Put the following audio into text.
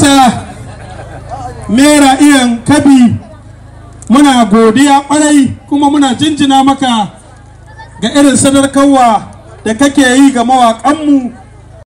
bisa mera iyan kabi muna godiya kwarai kuma muna jinjina maka ga irin sadarkarwa da kake yi ga mawaƙanmu